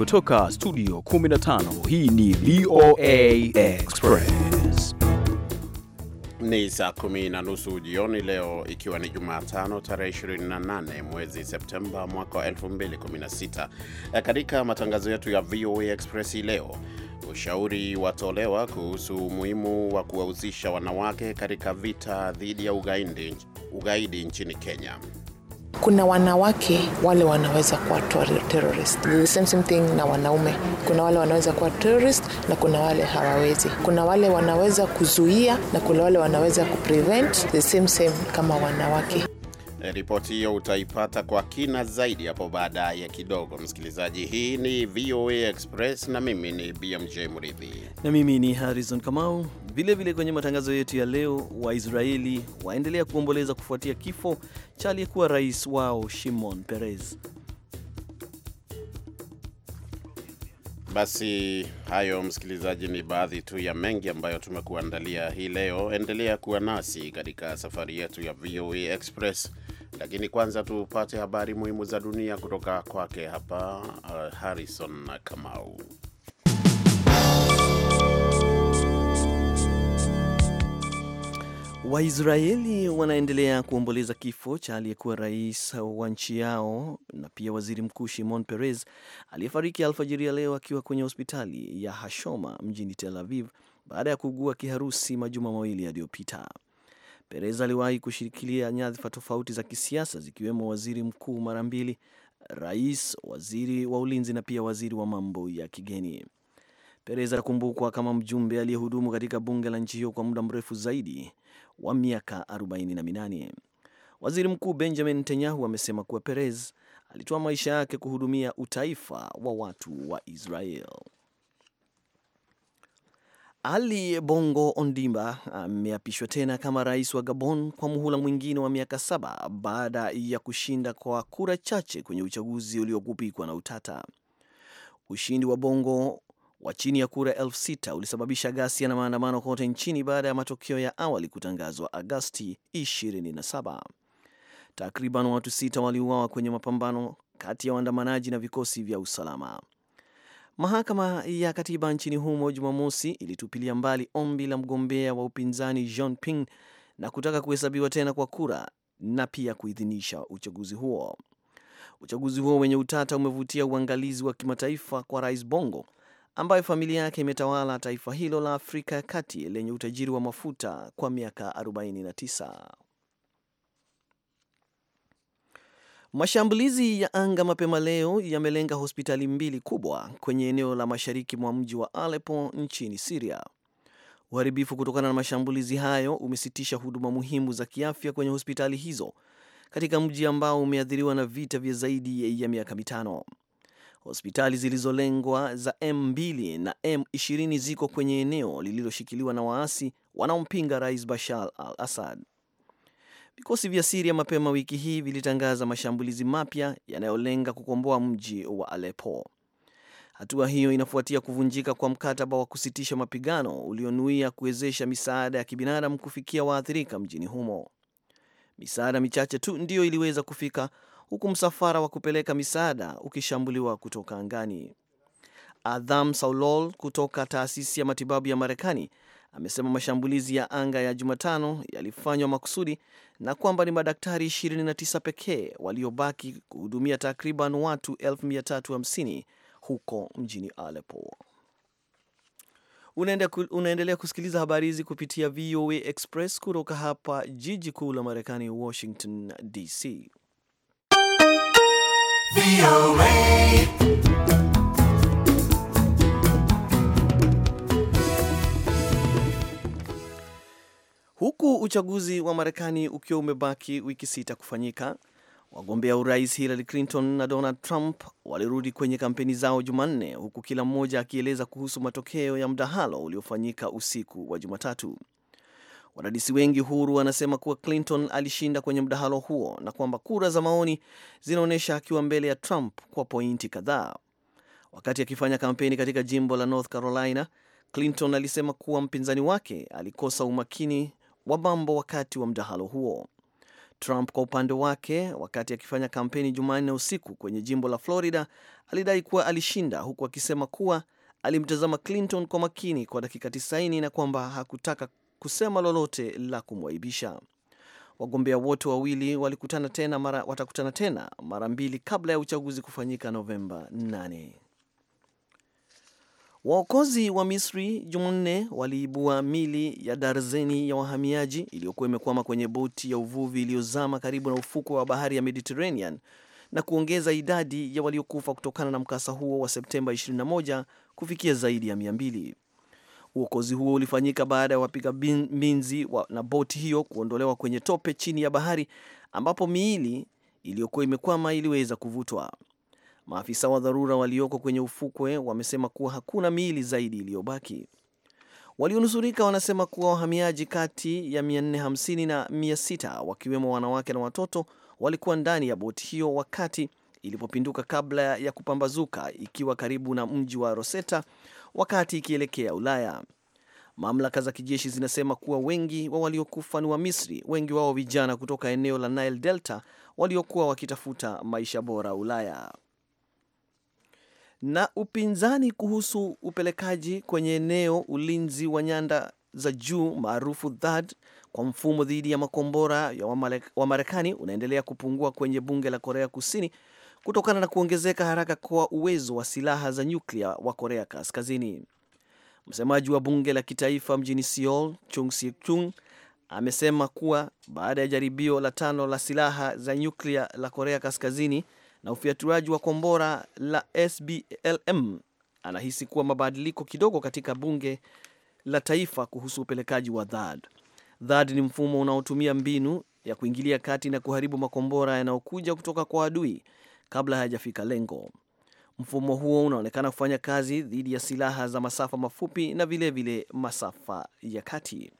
Kutoka studio 15 hii ni VOA Express. Ni saa kumi na nusu jioni leo, ikiwa ni Jumatano tarehe 28 mwezi Septemba mwaka wa 2016. E, katika matangazo yetu ya VOA Express leo, ushauri watolewa kuhusu umuhimu wa kuwahusisha wanawake katika vita dhidi ya ugaidi, ugaidi nchini Kenya kuna wanawake wale wanaweza kuwa terrorist. The same, same thing na wanaume, kuna wale wanaweza kuwa terrorist na kuna wale hawawezi. Kuna wale wanaweza kuzuia na kuna wale wanaweza kuprevent, the same same kama wanawake. Ripoti hiyo utaipata kwa kina zaidi hapo baadaye kidogo, msikilizaji. Hii ni VOA Express na mimi ni BMJ Mridhi na mimi ni Harrison Kamau. Vilevile kwenye matangazo yetu ya leo, Waisraeli waendelea kuomboleza kufuatia kifo cha aliyekuwa rais wao Shimon Peres. Basi hayo msikilizaji, ni baadhi tu ya mengi ambayo tumekuandalia hii leo. Endelea kuwa nasi katika safari yetu ya VOA Express lakini kwanza tupate habari muhimu za dunia kutoka kwake hapa uh, Harrison Kamau. Waisraeli wanaendelea kuomboleza kifo cha aliyekuwa rais wa nchi yao na pia waziri mkuu Shimon Peres aliyefariki alfajiri ya leo akiwa kwenye hospitali ya Hashoma mjini Tel Aviv baada ya kuugua kiharusi majuma mawili yaliyopita. Perez aliwahi kushirikilia nyadhifa tofauti za kisiasa zikiwemo waziri mkuu mara mbili, rais, waziri wa ulinzi na pia waziri wa mambo ya kigeni. Perez atakumbukwa kama mjumbe aliyehudumu katika bunge la nchi hiyo kwa muda mrefu zaidi wa miaka 48. Waziri Mkuu Benjamin Netanyahu amesema kuwa Perez alitoa maisha yake kuhudumia utaifa wa watu wa Israel. Ali Bongo Ondimba ameapishwa tena kama rais wa Gabon kwa muhula mwingine wa miaka saba baada ya kushinda kwa kura chache kwenye uchaguzi uliogubikwa na utata. Ushindi wa Bongo wa chini ya kura elfu sita ulisababisha ghasia na maandamano kote nchini baada ya matokeo ya awali kutangazwa Agasti 27. Takriban watu sita waliuawa kwenye mapambano kati ya waandamanaji na vikosi vya usalama. Mahakama ya katiba nchini humo Jumamosi ilitupilia mbali ombi la mgombea wa upinzani Jean Ping na kutaka kuhesabiwa tena kwa kura na pia kuidhinisha uchaguzi huo. Uchaguzi huo wenye utata umevutia uangalizi wa kimataifa kwa Rais Bongo ambayo familia yake imetawala taifa hilo la Afrika ya kati lenye utajiri wa mafuta kwa miaka 49. Mashambulizi ya anga mapema leo yamelenga hospitali mbili kubwa kwenye eneo la mashariki mwa mji wa Aleppo nchini Syria. Uharibifu kutokana na mashambulizi hayo umesitisha huduma muhimu za kiafya kwenye hospitali hizo katika mji ambao umeathiriwa na vita vya zaidi ya miaka mitano. Hospitali zilizolengwa za M2 na M20 ziko kwenye eneo lililoshikiliwa na waasi wanaompinga Rais Bashar al-Assad. Vikosi vya Siria mapema wiki hii vilitangaza mashambulizi mapya yanayolenga kukomboa mji wa alepo Hatua hiyo inafuatia kuvunjika kwa mkataba wa kusitisha mapigano ulionuia kuwezesha misaada ya kibinadamu kufikia waathirika mjini humo. Misaada michache tu ndiyo iliweza kufika, huku msafara wa kupeleka misaada ukishambuliwa kutoka angani. Adham Saulol kutoka taasisi ya matibabu ya Marekani amesema mashambulizi ya anga ya Jumatano yalifanywa makusudi na kwamba ni madaktari 29 pekee waliobaki kuhudumia takriban watu 350 huko mjini Aleppo. Unaendelea kusikiliza habari hizi kupitia VOA Express kutoka hapa jiji kuu la Marekani, Washington DC. Huku uchaguzi wa Marekani ukiwa umebaki wiki sita kufanyika, wagombea urais Hillary Clinton na Donald Trump walirudi kwenye kampeni zao Jumanne, huku kila mmoja akieleza kuhusu matokeo ya mdahalo uliofanyika usiku wa Jumatatu. Wadadisi wengi huru wanasema kuwa Clinton alishinda kwenye mdahalo huo na kwamba kura za maoni zinaonyesha akiwa mbele ya Trump kwa pointi kadhaa. Wakati akifanya kampeni katika jimbo la North Carolina, Clinton alisema kuwa mpinzani wake alikosa umakini wa mambo wakati wa mdahalo huo. Trump kwa upande wake, wakati akifanya kampeni Jumanne usiku kwenye jimbo la Florida, alidai kuwa alishinda, huku akisema kuwa alimtazama Clinton kwa makini kwa dakika 90 na kwamba hakutaka kusema lolote la kumwaibisha. Wagombea wote wawili walikutana tena mara, watakutana tena mara mbili kabla ya uchaguzi kufanyika Novemba 8. Waokozi wa Misri Jumanne waliibua mili ya darzeni ya wahamiaji iliyokuwa imekwama kwenye boti ya uvuvi iliyozama karibu na ufukwe wa bahari ya Mediterranean na kuongeza idadi ya waliokufa kutokana na mkasa huo wa Septemba 21 kufikia zaidi ya 200. Uokozi huo ulifanyika baada ya wapiga minzi wa, na boti hiyo kuondolewa kwenye tope chini ya bahari ambapo miili iliyokuwa imekwama iliweza kuvutwa. Maafisa wa dharura walioko kwenye ufukwe wamesema kuwa hakuna miili zaidi iliyobaki. Walionusurika wanasema kuwa wahamiaji kati ya 450 na 600 wakiwemo wanawake na watoto walikuwa ndani ya boti hiyo wakati ilipopinduka kabla ya kupambazuka ikiwa karibu na mji wa Rosetta wakati ikielekea Ulaya. Mamlaka za kijeshi zinasema kuwa wengi wa waliokufa ni wa Misri, wengi wao vijana kutoka eneo la Nile Delta waliokuwa wakitafuta maisha bora Ulaya na upinzani kuhusu upelekaji kwenye eneo ulinzi wa nyanda za juu maarufu THAAD kwa mfumo dhidi ya makombora ya wa Marekani unaendelea kupungua kwenye bunge la Korea Kusini kutokana na kuongezeka haraka kwa uwezo wa silaha za nyuklia wa Korea Kaskazini. Msemaji wa bunge la kitaifa mjini Seoul, Chung Sik-chung, amesema kuwa baada ya jaribio la tano la silaha za nyuklia la Korea Kaskazini na ufiatuaji wa kombora la SBLM anahisi kuwa mabadiliko kidogo katika bunge la taifa kuhusu upelekaji wa dhad. Dhad ni mfumo unaotumia mbinu ya kuingilia kati na kuharibu makombora yanayokuja kutoka kwa adui kabla hayajafika lengo. Mfumo huo unaonekana kufanya kazi dhidi ya silaha za masafa mafupi na vilevile vile masafa ya kati.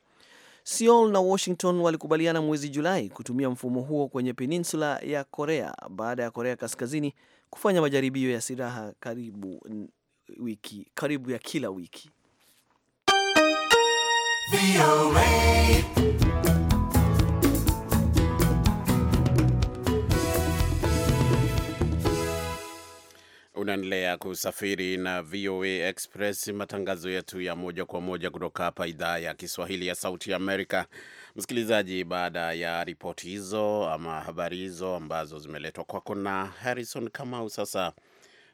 Seoul na Washington walikubaliana mwezi Julai kutumia mfumo huo kwenye peninsula ya Korea baada ya Korea Kaskazini kufanya majaribio ya silaha karibu, wiki, karibu ya kila wiki. Unaendelea kusafiri na VOA Express, matangazo yetu ya moja kwa moja kutoka hapa idhaa ya Kiswahili ya Sauti ya Amerika. Msikilizaji, baada ya ripoti hizo ama habari hizo ambazo zimeletwa kwako na Harrison Kamau, sasa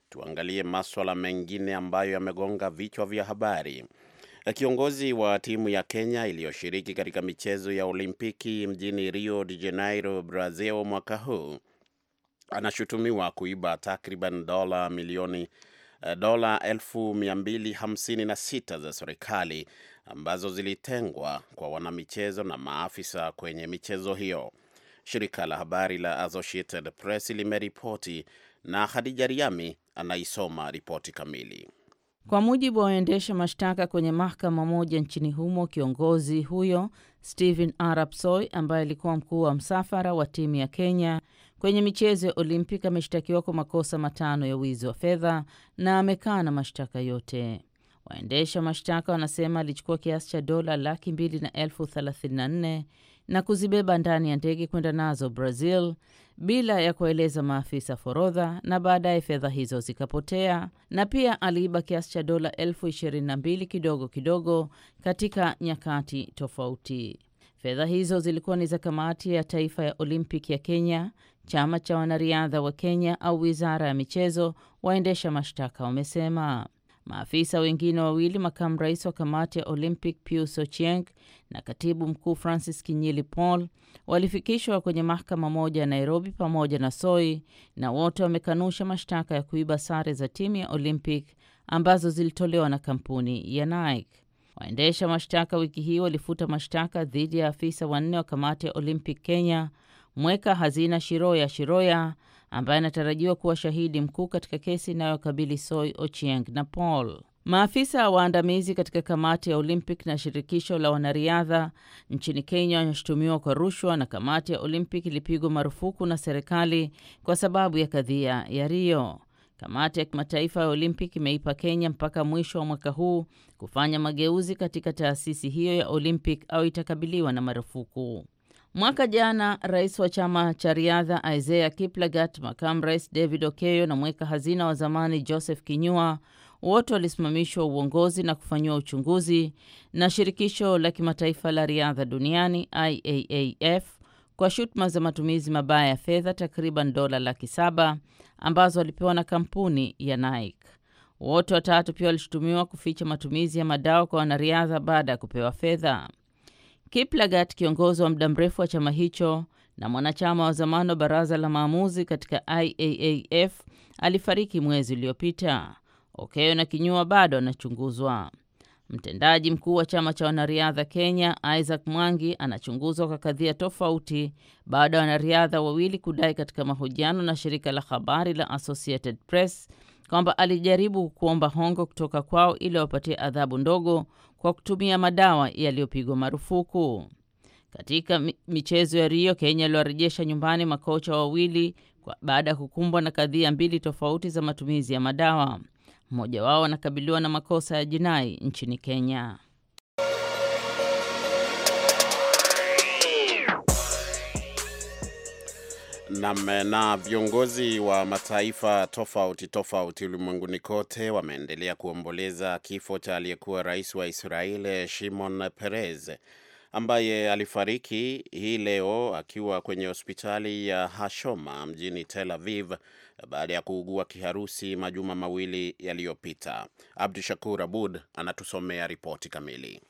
tuangalie maswala mengine ambayo yamegonga vichwa vya habari. Kiongozi wa timu ya Kenya iliyoshiriki katika michezo ya Olimpiki mjini Rio de Janeiro, Brazil, mwaka huu anashutumiwa kuiba takriban dola milioni eh, dola elfu mia mbili hamsini na sita za serikali ambazo zilitengwa kwa wanamichezo na maafisa kwenye michezo hiyo. Shirika la habari la Associated Press limeripoti na Khadija Riami anaisoma ripoti kamili. Kwa mujibu wa waendesha mashtaka kwenye mahakama moja nchini humo, kiongozi huyo Stephen Arap Soy ambaye alikuwa mkuu wa msafara wa timu ya Kenya kwenye michezo ya Olimpik ameshtakiwa kwa makosa matano ya wizi wa fedha na amekaa na mashtaka yote. Waendesha mashtaka wanasema alichukua kiasi cha dola laki mbili na elfu thelathini na nne na kuzibeba ndani ya ndege kwenda nazo Brazil bila ya kuwaeleza maafisa forodha, na baadaye fedha hizo zikapotea. Na pia aliiba kiasi cha dola elfu ishirini na mbili kidogo kidogo katika nyakati tofauti. Fedha hizo zilikuwa ni za kamati ya taifa ya Olympic ya Kenya, chama cha wanariadha wa Kenya au wizara ya michezo, waendesha mashtaka wamesema. Maafisa wengine wawili, makamu rais wa kamati ya Olympic Pius Ochieng na katibu mkuu Francis Kinyili Paul, walifikishwa kwenye mahakama moja ya Nairobi pamoja na Soi, na wote wamekanusha mashtaka ya kuiba sare za timu ya Olympic ambazo zilitolewa na kampuni ya Nike. Waendesha mashtaka wiki hii walifuta mashtaka dhidi ya afisa wanne wa kamati ya Olympic Kenya, mweka hazina Shiroya Shiroya ambaye anatarajiwa kuwa shahidi mkuu katika kesi inayokabili Soi, Ochieng na Paul. Maafisa waandamizi katika kamati ya Olympic na shirikisho la wanariadha nchini Kenya wanashutumiwa kwa rushwa, na kamati ya Olympic ilipigwa marufuku na serikali kwa sababu ya kadhia ya Rio. Kamati ya kimataifa ya Olympic imeipa Kenya mpaka mwisho wa mwaka huu kufanya mageuzi katika taasisi hiyo ya Olympic au itakabiliwa na marufuku. Mwaka jana rais wa chama cha riadha Isaiah Kiplagat, makamu rais David Okeyo na mweka hazina wa zamani Joseph Kinyua wote walisimamishwa uongozi na kufanyiwa uchunguzi na shirikisho la kimataifa la riadha duniani IAAF kwa shutuma za matumizi mabaya ya fedha takriban dola laki saba ambazo walipewa na kampuni ya Nike. Wote watatu pia walishutumiwa kuficha matumizi ya madawa kwa wanariadha baada ya kupewa fedha. Kiplagat, kiongozi wa muda mrefu wa chama hicho na mwanachama wa zamani wa baraza la maamuzi katika IAAF, alifariki mwezi uliopita. Okeo na Kinyua bado anachunguzwa. Mtendaji mkuu wa chama cha wanariadha Kenya, Isaac Mwangi, anachunguzwa kwa kadhia tofauti baada ya wanariadha wawili kudai katika mahojiano na shirika la habari la Associated Press kwamba alijaribu kuomba hongo kutoka kwao ili wapatie adhabu ndogo kwa kutumia madawa yaliyopigwa marufuku. Katika michezo ya Rio, Kenya iliwarejesha nyumbani makocha wawili baada ya kukumbwa na kadhia mbili tofauti za matumizi ya madawa. Mmoja wao anakabiliwa na makosa ya jinai nchini Kenya. Na, na viongozi wa mataifa tofauti tofauti ulimwenguni kote wameendelea kuomboleza kifo cha aliyekuwa rais wa Israeli Shimon Peres ambaye alifariki hii leo akiwa kwenye hospitali ya Hashoma mjini Tel Aviv baada ya kuugua kiharusi majuma mawili yaliyopita. Abdu Shakur Abud anatusomea ripoti kamili.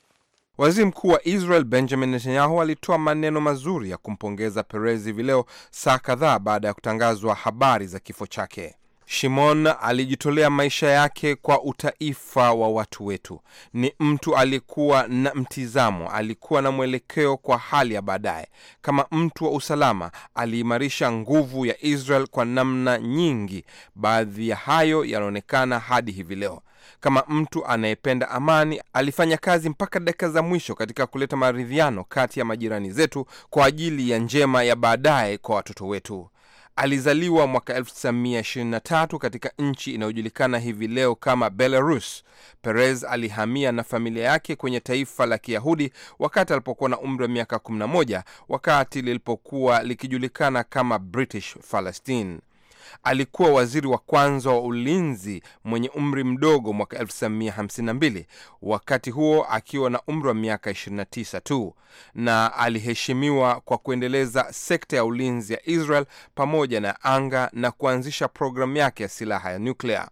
Waziri mkuu wa Israel Benjamin Netanyahu alitoa maneno mazuri ya kumpongeza Perez hivi leo, saa kadhaa baada ya kutangazwa habari za kifo chake. Shimon alijitolea maisha yake kwa utaifa wa watu wetu. Ni mtu aliyekuwa na mtizamo, alikuwa na mwelekeo kwa hali ya baadaye. Kama mtu wa usalama, aliimarisha nguvu ya Israel kwa namna nyingi. Baadhi ya hayo yanaonekana hadi hivi leo. Kama mtu anayependa amani, alifanya kazi mpaka dakika za mwisho katika kuleta maridhiano kati ya majirani zetu kwa ajili ya njema ya baadaye kwa watoto wetu. Alizaliwa mwaka 1923 katika nchi inayojulikana hivi leo kama Belarus. Perez alihamia na familia yake kwenye taifa la Kiyahudi wakati alipokuwa na umri wa miaka 11, wakati lilipokuwa likijulikana kama British Palestine alikuwa waziri wa kwanza wa ulinzi mwenye umri mdogo mwaka 1952, wakati huo akiwa na umri wa miaka 29 tu, na aliheshimiwa kwa kuendeleza sekta ya ulinzi ya Israel pamoja na anga na kuanzisha programu yake ya silaha ya nuklea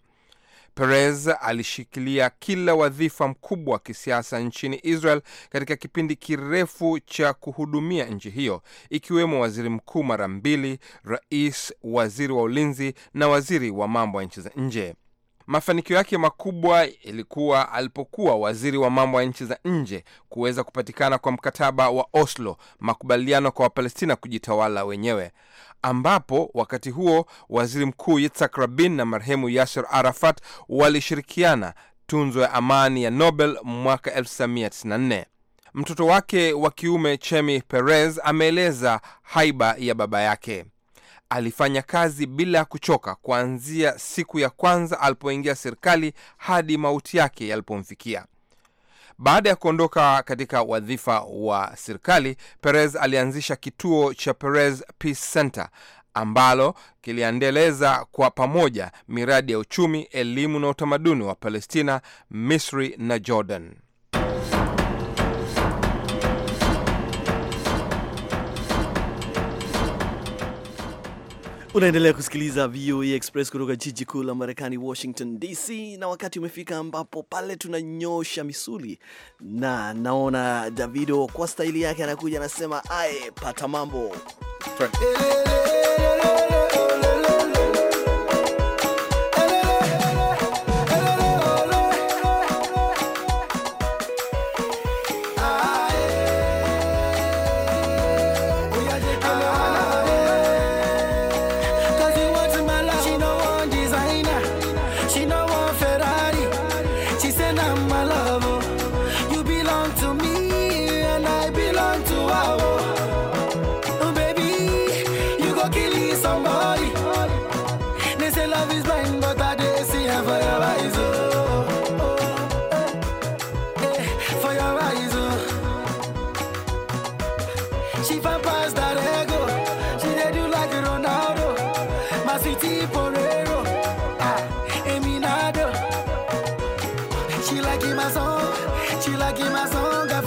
Perez alishikilia kila wadhifa mkubwa wa kisiasa nchini Israel katika kipindi kirefu cha kuhudumia nchi hiyo, ikiwemo waziri mkuu mara mbili, rais, waziri wa ulinzi na waziri wa mambo ya nchi za nje. Mafanikio yake makubwa ilikuwa alipokuwa waziri wa mambo ya nchi za nje kuweza kupatikana kwa mkataba wa Oslo, makubaliano kwa Wapalestina kujitawala wenyewe, ambapo wakati huo waziri mkuu Yitzhak Rabin na marehemu Yasser Arafat walishirikiana tunzo ya amani ya Nobel mwaka 1994. Mtoto wake wa kiume Chemi Perez ameeleza haiba ya baba yake. Alifanya kazi bila ya kuchoka kuanzia siku ya kwanza alipoingia serikali hadi mauti yake yalipomfikia. Baada ya kuondoka katika wadhifa wa serikali, Perez alianzisha kituo cha Perez Peace Center ambalo kiliendeleza kwa pamoja miradi ya uchumi, elimu na utamaduni wa Palestina, Misri na Jordan. Unaendelea kusikiliza VOA e Express kutoka jiji kuu la Marekani, Washington DC, na wakati umefika ambapo pale tunanyosha misuli, na naona Davido kwa staili yake anakuja anasema aye, pata mambo Friend. making my song, I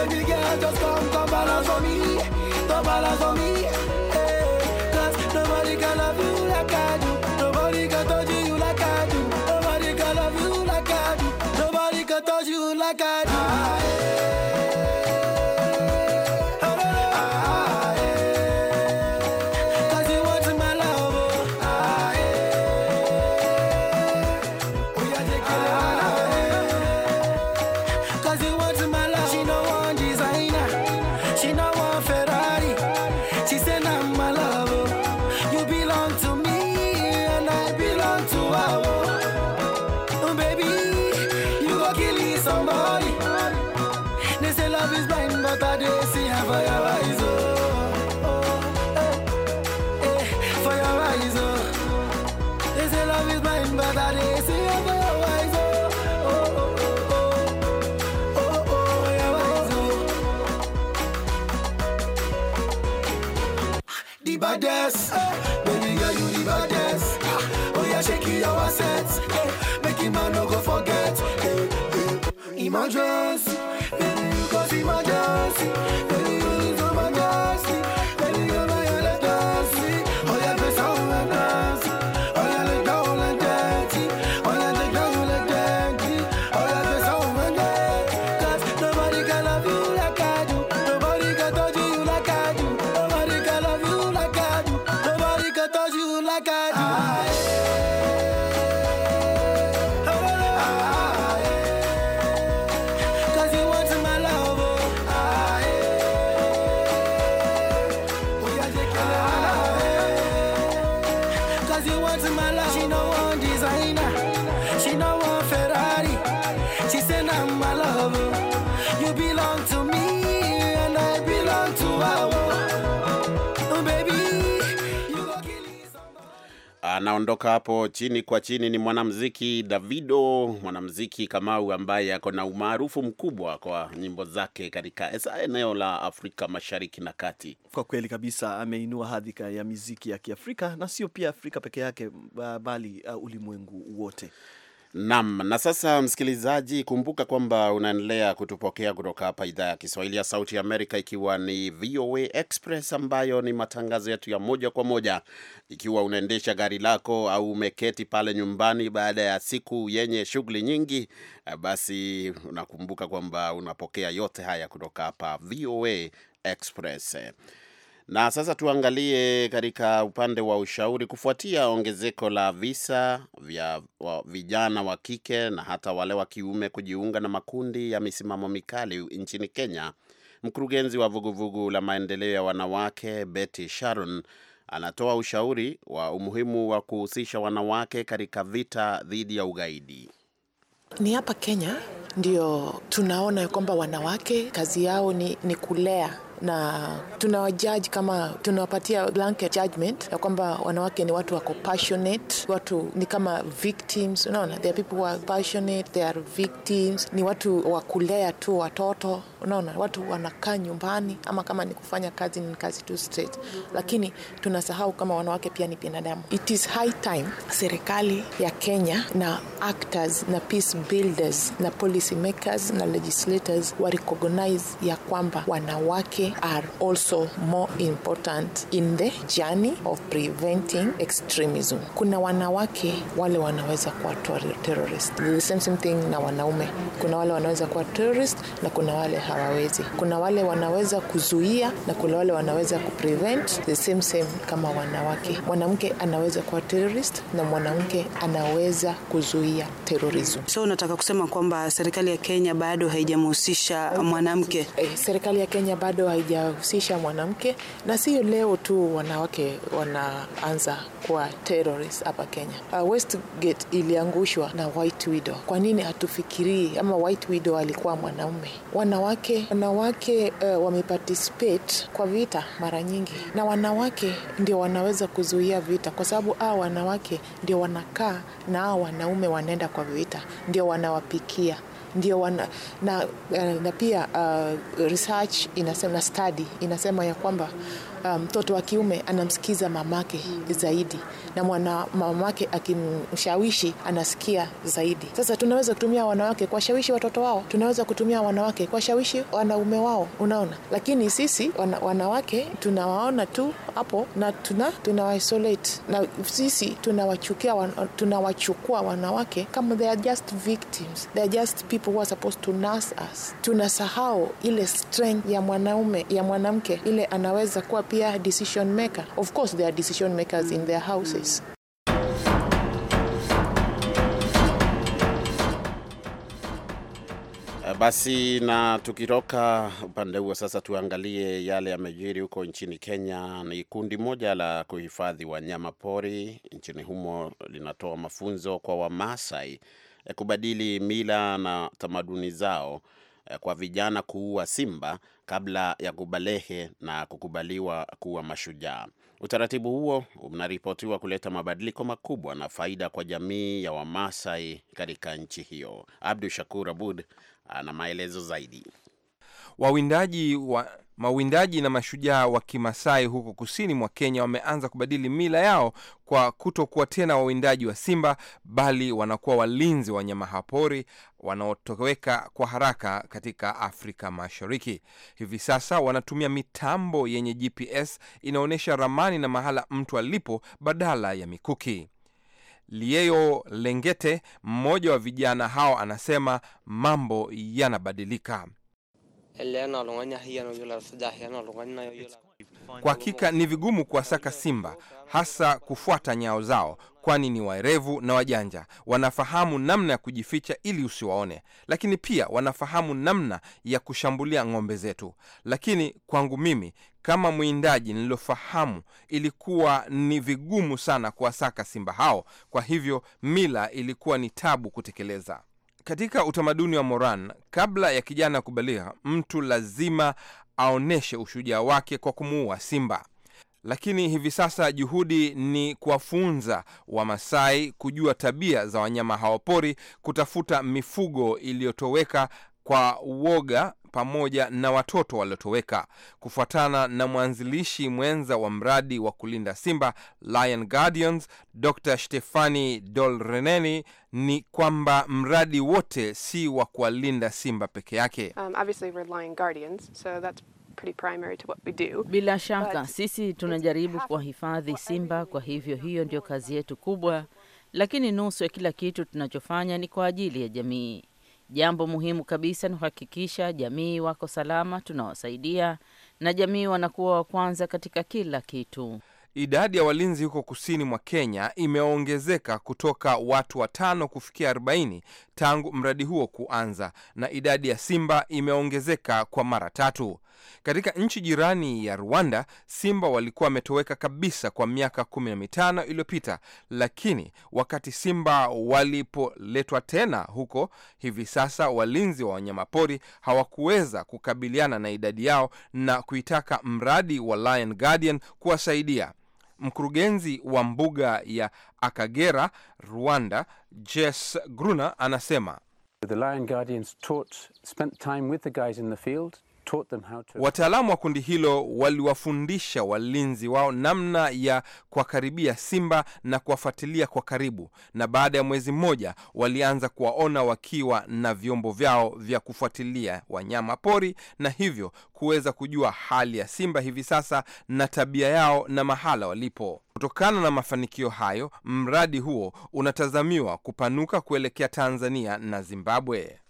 Baby girl, just come, come balance me, come balance me. Matadesi and fire rise oh, oh, eh, eh, fire rise oh. They love is mine, but I didn't see and fire rise oh, oh, oh, oh, oh, oh, oh fire oh. The baddest, baby girl, you the baddest. Oh yeah, shake your assets, eh, man go forget. Eh, eh. Imagine. anaondoka hapo chini kwa chini. Ni mwanamziki Davido, mwanamziki Kamau ambaye ako na umaarufu mkubwa kwa nyimbo zake katika eneo la Afrika Mashariki na Kati. Kwa kweli kabisa, ameinua hadhi ya miziki ya Kiafrika na sio pia Afrika peke yake, bali uh, ulimwengu wote. Nam. Na sasa, msikilizaji, kumbuka kwamba unaendelea kutupokea kutoka hapa idhaa ya Kiswahili ya Sauti ya Amerika, ikiwa ni VOA Express ambayo ni matangazo yetu ya moja kwa moja, ikiwa unaendesha gari lako au umeketi pale nyumbani baada ya siku yenye shughuli nyingi, basi unakumbuka kwamba unapokea yote haya kutoka hapa VOA Express. Na sasa tuangalie katika upande wa ushauri. Kufuatia ongezeko la visa vya wa, vijana wa kike na hata wale wa kiume kujiunga na makundi ya misimamo mikali nchini Kenya, mkurugenzi wa vuguvugu vugu la maendeleo ya wanawake Betty Sharon anatoa ushauri wa umuhimu wa kuhusisha wanawake katika vita dhidi ya ugaidi. Ni hapa Kenya ndio tunaona ya kwamba wanawake kazi yao ni, ni kulea na tunawajaji kama tunawapatia blanket judgment ya kwamba wanawake ni watu wako passionate, watu ni kama victims. Unaona, there are people who are passionate, they are victims, ni watu wa kulea tu watoto Unaona, watu wanakaa nyumbani, ama kama ni kufanya kazi ni kazi tu straight, lakini tunasahau kama wanawake pia ni binadamu. It is high time serikali ya Kenya na actors na peace builders na policy makers na legislators wa recognize ya kwamba wanawake are also more important in the journey of preventing extremism. Kuna wanawake wale wanaweza kuwa terrorist, the same, same thing na wanaume. Kuna wale wanaweza kuwa terrorist na kuna wale hawawezi. Kuna wale wanaweza kuzuia na kuna wale wanaweza kuprevent the same same kama wanawake. Mwanamke anaweza kuwa terrorist na mwanamke anaweza kuzuia terrorism. So unataka kusema kwamba serikali ya Kenya bado haijamhusisha mwanamke? Eh, serikali ya Kenya bado haijahusisha mwanamke, na sio leo tu wanawake wanaanza kuwa terrorist hapa Kenya. Uh, Westgate iliangushwa na White Widow. Kwa nini hatufikirii ama White Widow alikuwa mwanaume? Wanawake wanawake, wanawake uh, wameparticipate kwa vita mara nyingi, na wanawake ndio wanaweza kuzuia vita, kwa sababu hawa wanawake ndio wanakaa na hawa wanaume wanaenda kwa vita, ndio wanawapikia ndio wana, na, na, eh, na pia uh, research inasema na study inasema ya kwamba Um, mtoto um, wa kiume anamsikiza mamake zaidi na mwana mamake akimshawishi anasikia zaidi. Sasa tunaweza kutumia wanawake kuwashawishi watoto wao, tunaweza kutumia wanawake kuwashawishi wanaume wao, unaona. Lakini sisi wana, wanawake tunawaona tu hapo na tuna tunawaisolate na sisi tunawachukia tunawachukua wanawake kama they are just victims, they are just people who are supposed to nurse us. Tunasahau ile strength ya mwanaume ya mwanamke ile anaweza kuwa pia decision maker. Of course there are decision makers in their houses. Eh, basi na tukitoka upande huo sasa, tuangalie yale yamejiri huko nchini Kenya. Ni kundi moja la kuhifadhi wanyama pori nchini humo linatoa mafunzo kwa Wamasai eh, kubadili mila na tamaduni zao Eh, kwa vijana kuua simba kabla ya kubalehe na kukubaliwa kuwa mashujaa. Utaratibu huo unaripotiwa kuleta mabadiliko makubwa na faida kwa jamii ya Wamasai katika nchi hiyo. Abdu Shakur Abud ana maelezo zaidi. Wawindaji wa Mawindaji na mashujaa wa Kimasai huko kusini mwa Kenya wameanza kubadili mila yao kwa kutokuwa tena wawindaji wa simba, bali wanakuwa walinzi wa hapori wanaotoweka kwa haraka katika Afrika Mashariki. Hivi sasa wanatumia mitambo yenye GPS inaonyesha ramani na mahala mtu alipo badala ya mikuki. Lieyo Lengete, mmoja wa vijana hao, anasema mambo yanabadilika. Kwa hakika ni vigumu kuwasaka simba, hasa kufuata nyao zao, kwani ni waerevu na wajanja. Wanafahamu namna ya kujificha ili usiwaone, lakini pia wanafahamu namna ya kushambulia ng'ombe zetu. Lakini kwangu mimi kama mwindaji nililofahamu, ilikuwa ni vigumu sana kuwasaka simba hao. Kwa hivyo mila ilikuwa ni tabu kutekeleza. Katika utamaduni wa Moran, kabla ya kijana kubaliha, mtu lazima aonyeshe ushujaa wake kwa kumuua simba. Lakini hivi sasa juhudi ni kuwafunza Wamasai kujua tabia za wanyama hawapori, kutafuta mifugo iliyotoweka kwa uoga pamoja na watoto waliotoweka, kufuatana na mwanzilishi mwenza wa mradi wa kulinda simba Lion Guardians, Dr Stefani Dolreneni, ni kwamba mradi wote si wa kuwalinda simba peke yake. Um, bila shaka But sisi tunajaribu kuwahifadhi simba, kwa hivyo hiyo ndio kazi yetu kubwa, lakini nusu ya kila kitu tunachofanya ni kwa ajili ya jamii. Jambo muhimu kabisa ni kuhakikisha jamii wako salama, tunawasaidia na jamii wanakuwa wa kwanza katika kila kitu. Idadi ya walinzi huko kusini mwa Kenya imeongezeka kutoka watu watano kufikia 40 tangu mradi huo kuanza, na idadi ya simba imeongezeka kwa mara tatu. Katika nchi jirani ya Rwanda, simba walikuwa wametoweka kabisa kwa miaka kumi na mitano iliyopita, lakini wakati simba walipoletwa tena huko hivi sasa, walinzi wa wanyamapori hawakuweza kukabiliana na idadi yao na kuitaka mradi wa Lion Guardian kuwasaidia. Mkurugenzi wa mbuga ya Akagera, Rwanda, Jess Gruner anasema, The Lion Guardians taught, spent time with the guys in the field. Wataalamu wa kundi hilo waliwafundisha walinzi wao namna ya kuwakaribia simba na kuwafuatilia kwa karibu, na baada ya mwezi mmoja walianza kuwaona wakiwa na vyombo vyao vya kufuatilia wanyama pori, na hivyo kuweza kujua hali ya simba hivi sasa na tabia yao na mahala walipo. Kutokana na mafanikio hayo, mradi huo unatazamiwa kupanuka kuelekea Tanzania na Zimbabwe.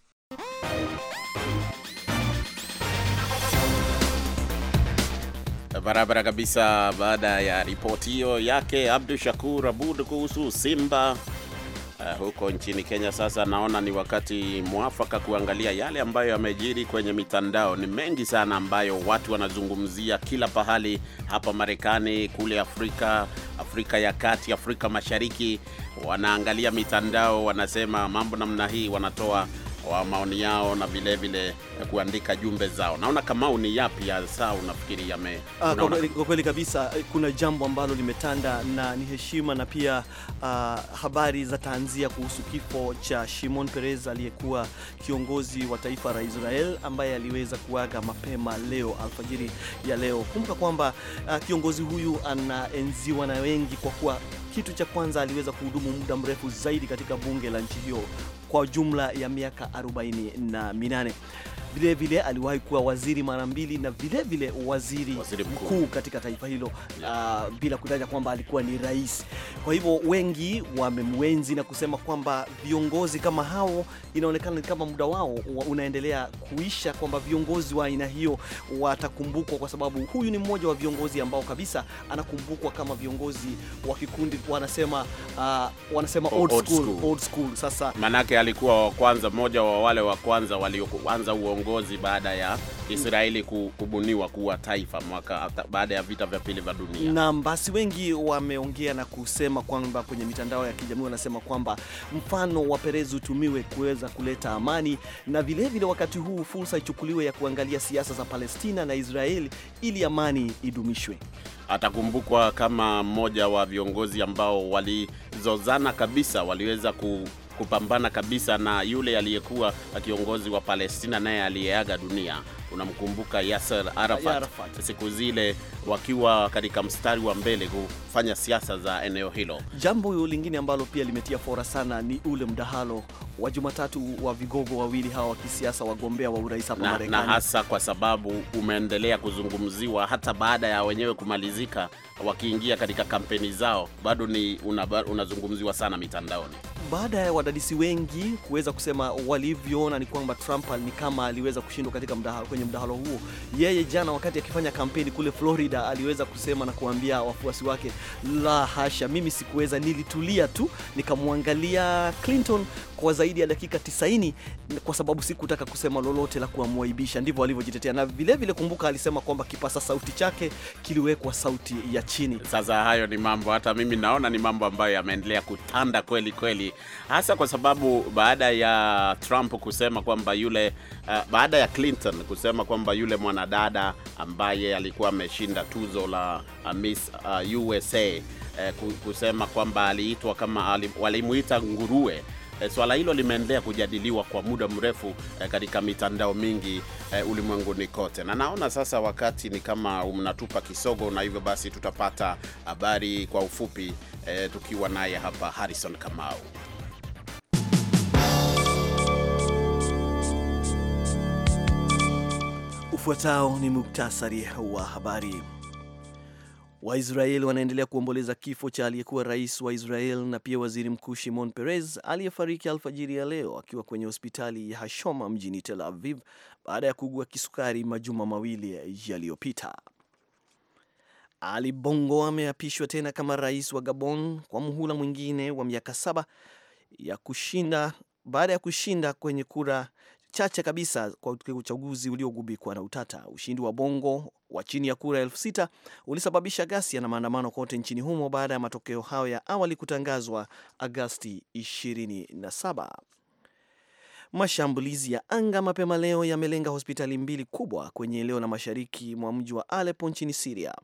barabara kabisa. Baada ya ripoti hiyo yake Abdu Shakur Abud kuhusu Simba uh, huko nchini Kenya, sasa naona ni wakati mwafaka kuangalia yale ambayo yamejiri kwenye mitandao. Ni mengi sana ambayo watu wanazungumzia kila pahali, hapa Marekani, kule Afrika, Afrika ya Kati, Afrika Mashariki, wanaangalia mitandao, wanasema mambo namna hii, wanatoa kwa maoni yao na vile vile kuandika jumbe zao. Naona kama ni yapi hasa unafikiri yame? Ah, kwa kweli kabisa, eh, kuna jambo ambalo limetanda na ni heshima na pia uh, habari za tanzia kuhusu kifo cha Shimon Peres aliyekuwa kiongozi wa taifa la Israel ambaye aliweza kuaga mapema leo alfajiri ya leo. Kumbuka kwamba uh, kiongozi huyu anaenziwa na wengi kwa kuwa kitu cha kwanza aliweza kuhudumu muda mrefu zaidi katika bunge la nchi hiyo kwa jumla ya miaka 48. Vilevile vile, aliwahi kuwa waziri mara mbili na vilevile vile waziri, waziri mkuu. mkuu katika taifa hilo yeah. uh, bila kutaja kwamba alikuwa ni rais. Kwa hivyo wengi wamemwenzi na kusema kwamba viongozi kama hao inaonekana ni kama muda wao unaendelea kuisha, kwamba viongozi wa aina hiyo watakumbukwa, kwa sababu huyu ni mmoja wa viongozi ambao kabisa anakumbukwa kama viongozi wa kikundi wanasema, uh, wanasema old school, old school. Sasa manake alikuwa wa kwanza, mmoja wa wale wa kwanza walioanza huo uongozi baada ya Israeli kubuniwa kuwa taifa mwaka baada ya vita vya pili vya dunia. Naam, basi wengi wameongea na kusema kwamba kwenye mitandao ya kijamii wanasema kwamba mfano wa Perez utumiwe kuweza kuleta amani na vilevile vile wakati huu fursa ichukuliwe ya kuangalia siasa za Palestina na Israeli ili amani idumishwe. Atakumbukwa kama mmoja wa viongozi ambao walizozana kabisa, waliweza ku kupambana kabisa na yule aliyekuwa kiongozi wa Palestina naye aliyeaga dunia unamkumbuka Yasser Arafat, Arafat siku zile wakiwa katika mstari wa mbele kufanya siasa za eneo hilo. Jambo lingine ambalo pia limetia fora sana ni ule mdahalo wa Jumatatu wa vigogo wawili hawa wa kisiasa wagombea wa urais hapa Marekani, na hasa kwa sababu umeendelea kuzungumziwa hata baada ya wenyewe kumalizika, wakiingia katika kampeni zao bado ni unazungumziwa una sana mitandaoni baada ya wadadisi wengi kuweza kusema walivyoona ni kwamba Trump ni kama aliweza kushindwa katika mdahalo kwenye mdahalo huo. Yeye jana, wakati akifanya kampeni kule Florida, aliweza kusema na kuambia wafuasi wake, la hasha, mimi sikuweza, nilitulia tu nikamwangalia Clinton kwa zaidi ya dakika 90 kwa sababu sikutaka kusema lolote la kuamwaibisha. Ndivyo alivyojitetea, na vilevile vile kumbuka, alisema kwamba kipasa sauti chake kiliwekwa sauti ya chini. Sasa hayo ni mambo, hata mimi naona ni mambo ambayo yameendelea kutanda kweli kweli, hasa kwa sababu baada ya Trump kusema kwamba yule uh, baada ya Clinton kusema kwamba yule mwanadada ambaye alikuwa ameshinda tuzo la uh, Miss uh, eh, USA kusema kwamba aliitwa kama walimuita nguruwe eh, swala hilo limeendelea kujadiliwa kwa muda mrefu eh, katika mitandao mingi eh, ulimwenguni kote, na naona sasa wakati ni kama mnatupa kisogo, na hivyo basi tutapata habari kwa ufupi eh, tukiwa naye hapa Harrison Kamau. Ufuatao ni muktasari wa habari waisrael wanaendelea kuomboleza kifo cha aliyekuwa rais wa Israel na pia waziri mkuu Shimon Peres aliyefariki alfajiri ya leo akiwa kwenye hospitali ya Hashoma mjini Tel Aviv baada ya kuugua kisukari majuma mawili yaliyopita. Ali Bongo ameapishwa tena kama rais wa Gabon kwa muhula mwingine wa miaka saba ya kushinda baada ya kushinda kwenye kura chache kabisa kwa uchaguzi uliogubikwa na utata. Ushindi wa Bongo wa chini ya kura elfu sita ulisababisha ghasia na maandamano kote nchini humo baada ya matokeo hayo ya awali kutangazwa Agasti 27. Mashambulizi ya anga mapema leo yamelenga hospitali mbili kubwa kwenye eneo la mashariki mwa mji wa alepo nchini siria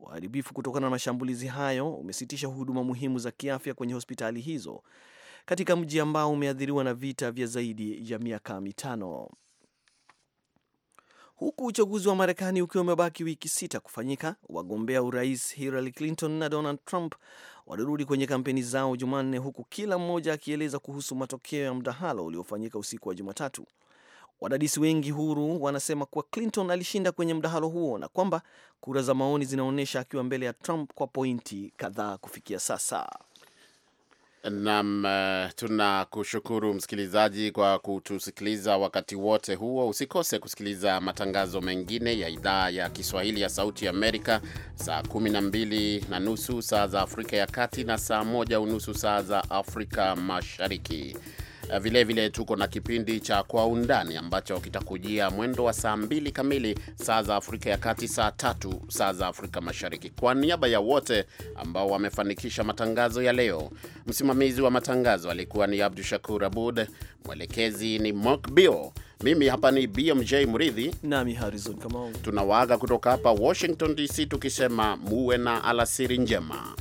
Uharibifu kutokana na mashambulizi hayo umesitisha huduma muhimu za kiafya kwenye hospitali hizo katika mji ambao umeathiriwa na vita vya zaidi ya miaka mitano. Huku uchaguzi wa Marekani ukiwa umebaki wiki sita kufanyika, wagombea urais Hillary Clinton na Donald Trump walirudi kwenye kampeni zao Jumanne, huku kila mmoja akieleza kuhusu matokeo ya mdahalo uliofanyika usiku wa Jumatatu. Wadadisi wengi huru wanasema kuwa Clinton alishinda kwenye mdahalo huo na kwamba kura za maoni zinaonyesha akiwa mbele ya Trump kwa pointi kadhaa kufikia sasa nam eh, tunakushukuru msikilizaji kwa kutusikiliza wakati wote huo. Usikose kusikiliza matangazo mengine ya idhaa ya Kiswahili ya Sauti Amerika saa kumi na mbili na nusu saa za Afrika ya Kati na saa moja unusu saa za Afrika Mashariki. Vilevile eh, vile tuko na kipindi cha Kwa Undani ambacho kitakujia mwendo wa saa mbili kamili saa za Afrika ya Kati, saa tatu saa za Afrika Mashariki. Kwa niaba ya wote ambao wamefanikisha matangazo ya leo, msimamizi wa matangazo alikuwa ni Abdu Shakur Abud, mwelekezi ni Mokbio. Mimi hapa ni BMJ Mridhi nami Harrison Kamau, tunawaaga kutoka hapa Washington DC tukisema muwe na alasiri njema.